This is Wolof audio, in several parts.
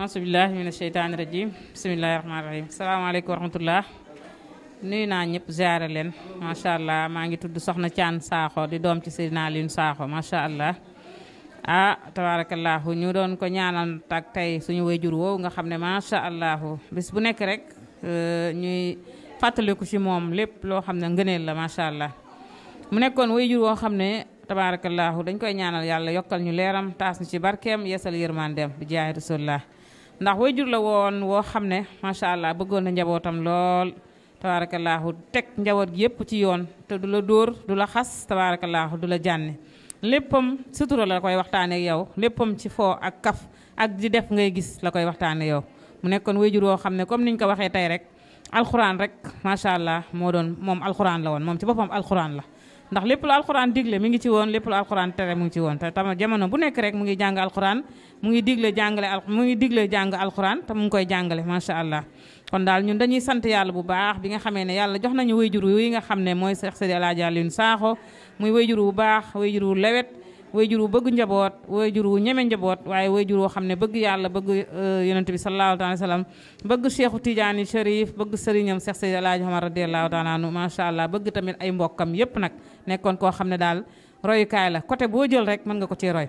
asubillahi mina sheytaani rajim bisimilahi rahmaani rahim salaamaaleykum wa rahmatullah nuyu naa ñëpp ziare leen macha allah maa ngi tudd soxna Thian Sakho di doom ci naa Alioune Sakho macha allah ah tabarakallahu ñu doon ko ñaanal takk tey suñu wayjur woowu nga xam ne macha allah bis bu nekk rek euh, ñuy fàttaliku ci moom lépp loo xam ne ngëneel la macha allah mu nekkoon wayjur woo xam ne tabarakallahu dañ koy ñaanal yàlla yokkal ñu leeram taas ñu ci barkeem yeesal yërmandeem bi ndax wayjur la woon woo xam ne macha allah bëggoon na njabootam lool tabaarakallaahu teg njaboot gi yëpp ci yoon te du la dóor du la xas tabaarakallaahu du la jànne léppam sutura la koy waxtaane ak yow léppam ci foo ak kaf ak di def ngay gis la koy waxtaane yow mu nekkoon wayjur woo xam ne comme niñ ko waxee tey rek alxuraan rek macha allah moo doon moom alxuraan la woon moom ci boppam alxuraan la ndax lépp lu alxuraan digle mi ngi ci woon lépp lu alxuraan tere mu ngi ci woon te tam jamono bu nekk rek mu ngi jàng alxuraan mu ngi digle jàngale al mu ngi jàng alxuraan te mu ngi koy jàngale macha allah. kon daal ñun dañuy sant yàlla bu baax bi nga xamee ne yàlla jox nañu wayjur yi nga xam ne mooy Seex Seydi Alaaji Alioune Saaxo muy wayjur bu baax wayjur wu lewet wayjur wu bëgg njaboot wayjur wu ñeme njaboot waaye wayjur woo xam ne bëgg yàlla bëgg euh, yonent bi sallallahu taala sallam bëgg cheikhu tidiane chérif bëgg sëriñam Cheikh Seydi Alaaji Omar radiallahu taala anu macha allah bëgg tamit ay mbokkam yépp nag nekkoon koo xam ne daal royukaay la côté boo jël rek mën nga ko cee roy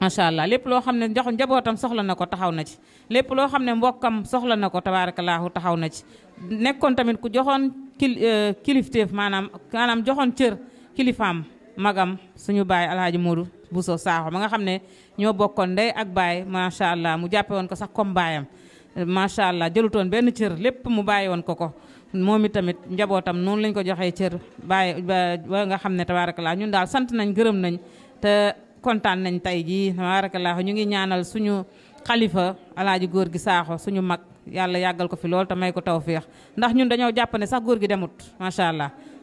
macha allah lépp loo xam ne jox njabootam soxla na ko taxaw na ci lépp loo xam ne mbokkam soxla na ko tabaarakallaahu taxaw na ci nekkoon tamit ku joxoon kil euh, kilifteef maanaam maanaam joxoon cër kilifaam magam suñu baay alhaaji Modou Bousso Sakho ma nga xam ne ñoo bokkoon ndey ak baay macha allah mu jàppe woon ko sax comme baayam macha allah jëlutoon benn cër lépp mu bàyyi woon ko ko moom tamit njabootam noonu lañ ko joxee cër bàyyi ba nga xam ne tabaarakallaa ñun daal sant nañ gërëm nañ te kontaan nañ tey jii tabaarakallaa ñu ngi ñaanal suñu xalifa alaaji góor gi Sakho suñu mag yàlla yàggal ko fi lool te may ko tawféex ndax ñun dañoo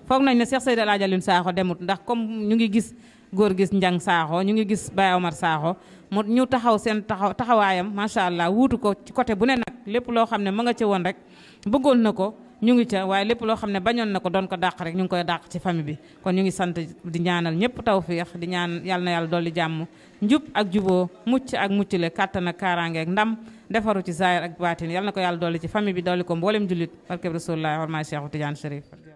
foog nañ ne Cheikh Seydou El Hadj Alioune Sakho demut ndax comme ñu ngi gis góor gis njàng Sakho ñu ngi gis Baye Omar Sakho mu ñu taxaw seen taxaw taxawaayam macha allah wuutu ko ci côté bu ne nag lépp loo xam ne mu nga ca woon rek bëggoon na ko ñu ngi ce waaye lépp loo xam ne bañoon na ko doon ko dàq rek ñu ngi koy dàq ci famille bi kon ñu ngi sant di ñaanal ñëpp tawféex di ñaan yàlla na yàlla dolli jàmm njub ak juboo mucc ak muccule kàttan ak kaaraange na ko yàlla dolli ci famille bi dolli ko mboolem jullit barkeb rasulullah warmaa Cheikhu Tidiane